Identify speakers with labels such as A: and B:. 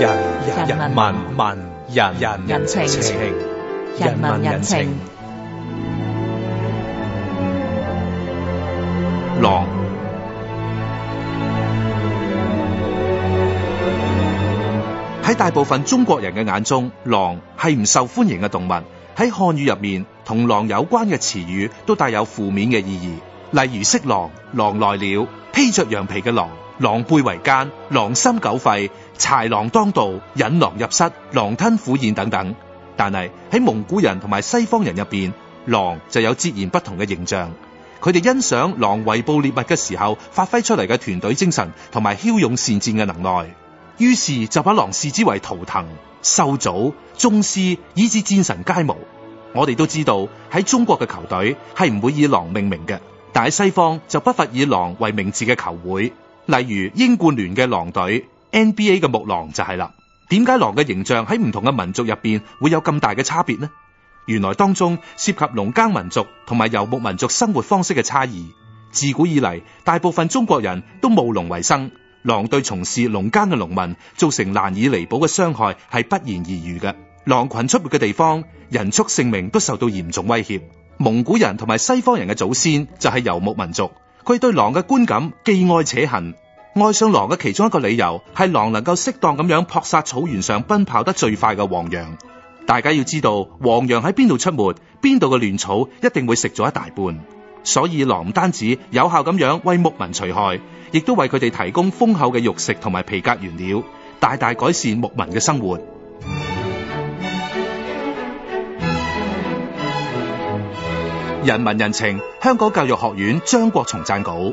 A: 人、人、民、民、人、人情、情、人民、人情。狼喺大部分中國人嘅眼中，狼係唔受歡迎嘅動物。喺漢語入面，同狼有關嘅詞語都帶有負面嘅意義，例如色狼、狼來了、披着羊皮嘅狼、狼狽為奸、狼心狗肺。豺狼當道，引狼入室，狼吞虎咽等等。但係喺蒙古人同埋西方人入邊，狼就有截然不同嘅形象。佢哋欣賞狼圍捕獵物嘅時候發揮出嚟嘅團隊精神同埋驍勇善戰嘅能耐，於是就把狼視之為圖騰、獸祖、宗師，以至戰神皆無。我哋都知道喺中國嘅球隊係唔會以狼命名嘅，但喺西方就不乏以狼為名字嘅球會，例如英冠聯嘅狼隊。NBA 嘅木狼就係啦，點解狼嘅形象喺唔同嘅民族入邊會有咁大嘅差別呢？原來當中涉及農耕民族同埋游牧民族生活方式嘅差異。自古以嚟，大部分中國人都務農為生，狼對從事農耕嘅農民造成難以彌補嘅傷害，係不言而喻嘅。狼群出沒嘅地方，人畜性命都受到嚴重威脅。蒙古人同埋西方人嘅祖先就係游牧民族，佢對狼嘅觀感既愛且恨。愛上狼嘅其中一個理由係狼能夠適當咁樣撲殺草原上奔跑得最快嘅黃羊。大家要知道黃羊喺邊度出沒，邊度嘅亂草一定會食咗一大半。所以狼唔單止有效咁樣為牧民除害，亦都為佢哋提供豐厚嘅肉食同埋皮革原料，大大改善牧民嘅生活。人民人情，香港教育學院張國松撰稿。